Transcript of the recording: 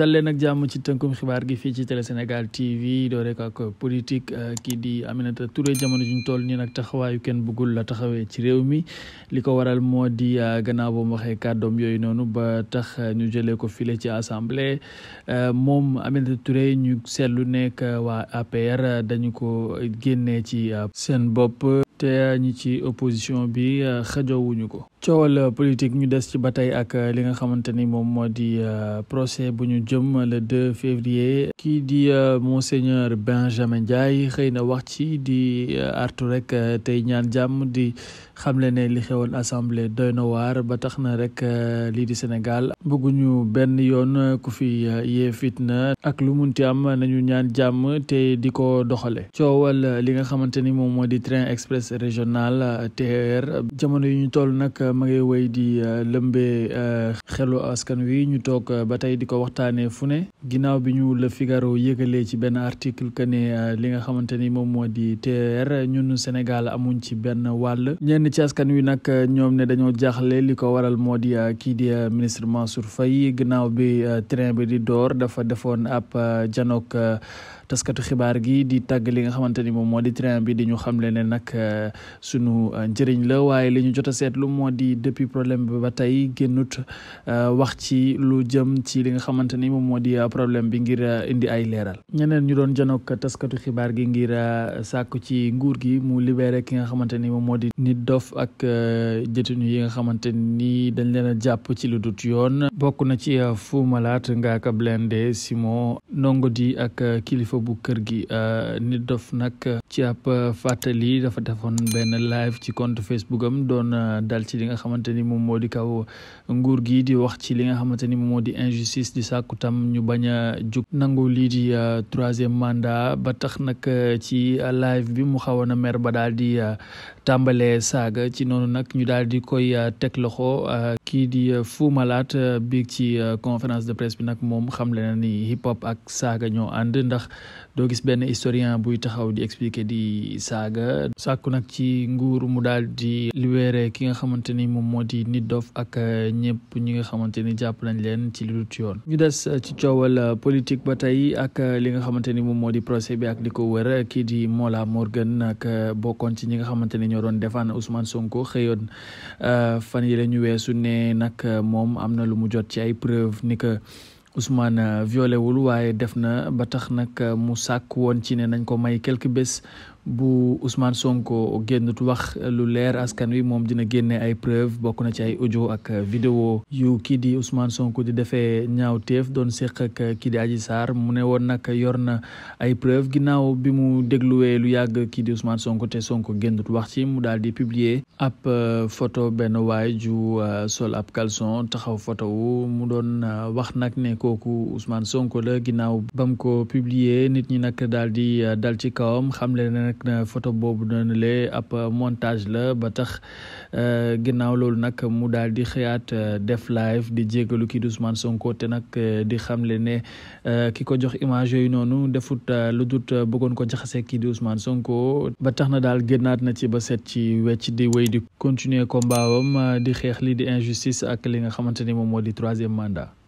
dal leen ak jàmm ci tënkum xibaar gi fii ci Télé Sénégal TV doore ko ak politique euh, kii di Aminata Touré jamono ji ñu toll nii nag taxawaayu kenn bëggul la taxawee ci réew mi li ko waral moo di euh, gannaaw ba mu waxee kàddoom yooyu noonu ba tax ñu jëlee ko file ci assemblée euh, moom Aminata Touré ñu seetlu nekk waa APR dañu ko génnee ci seen bopp te ñi ci opposition bi xajowuñu ko. coowal politique ñu des ci ba tey ak euh, li nga xamante ni moom moo di euh, procès bu ñu jëm le 2 février kii di euh, monseigneur Benjamin Ndiaye xëy na wax ci di artu rek tey ñaan jàmm di xamle ne li xewoon assemblée doy na waar ba tax na rek lii di Sénégal bëgguñu benn yoon ku fi yee na ak lu munti am nañu ñaan jàmm te di ko doxale coowal li nga xamante ni moom moo di train express régional TER jamono yu ñu toll nag ma ngay wéy di euh, lëmbee euh, xelu askan wi ñu toog euh, ba tey di ko waxtaanee fu ne ginnaaw bi ñu Le Figaro yëgalee ci benn article que ne li nga xamante ni moom moo di TER ñun Sénégal amuñ ci benn wàll ñenn ci askan wi nag ñoom ne dañoo jaaxle li ko waral moo di kii di ministre Mansour Faye ginnaaw bi train bi di door dafa defoon ab janook taskatu xibaar gi di tàgg li nga xamante ni moom moo di train bi di ñu xamle ne nag sunu njëriñ la waaye li ñu jot a seetlu di depuis problème bi ba tey génnut euh, wax ci lu jëm ci li nga xamante ni moom moo di euh, problème bi ngir euh, indi ay leeral ñeneen ñu doon janook taskatu xibaar gi ngir sàkku ci nguur gi mu libeere ki nga xamante ni moom moo di nit dof ak jëtinu yi nga xamante ni dañ leen a jàpp ci lu dut yoon bokk na ci Fou Malade Ngaaka Blindé Simon nongo di ak kilifa bu kër gi nit dof nag ci ab fàttali dafa defoon benn live ci compte Facebook doon dal ci nga xamante ni moom moo di kaw nguur gi di wax ci li nga xamante ni moom moo di injustice di sàkku tam ñu bañ a jug nangu lii di euh, troisième mandat ba tax nag euh, ci euh, live bi mu xawoon a mer ba daal di tàmbalee saaga ci noonu nag ñu daal di koy euh, teg loxo euh, kii di euh, Fou Malade bi ci confrence de presse bi nag moom xam le na ni hip hop ak saaga ñoo ànd ndax doo gis benn historien buy taxaw di expliquer di saaga sàkku nag ci nguur mu daal di libéré ki nga xamante ni moom moo di nit dof ak ñëpp ñi nga xamante ni jàpp nañ leen ci lu dut yoon ñu des ci coowal politique ba tey ak li nga xamante ni moom moo di procès bi ak li ko wër kii di Mola Morgan ak bokkoon ñoo doon defaan Ousmane Sonko xëyoon euh, fan yi la ñu weesu ne nag euh, moom am na lu mu jot ci ay preuve ni que Ousmane euh, wul waaye def na ba tax nag mu sàkk woon ci ne nañ ko may quelques bés bu Ousmane Sonko génnut wax lu leer askan wi moom dina génne ay preuve bokk na ci ay audio ak vidéo yu kii di Ousmane Sonko di defee ñaawteef doon séq ak kii di Adji Sarr mu ne woon nag yor na ay preuve ginnaaw bi mu dégluwee lu yàgg kii di Ousmane Sonko te Sonko génnut wax ci mu daal di publier ab euh, photo benn waay ju euh, sol ab caleçon taxaw photo wu mu doon euh, wax nag ne kooku Ousmane Sonko la ginnaaw bam ko publier nit ñi nag daal di dal ci kawam xamle na nag euh, photo boobu noonu lee ab euh, montage la ba tax euh, ginnaaw loolu nag mu daal di xëyaat def live di jégalu kii di Ousmane Sonko te nag di xamle ne ki ko jox image yooyu noonu defut lu dut bëggoon ko jaxase kii di Sonko ba tax na daal génnaat na ci ba set ci wecc di wéy di continuer combat wam di xeex lii di injustice ak li nga xamante ni moom moo di troisième mandat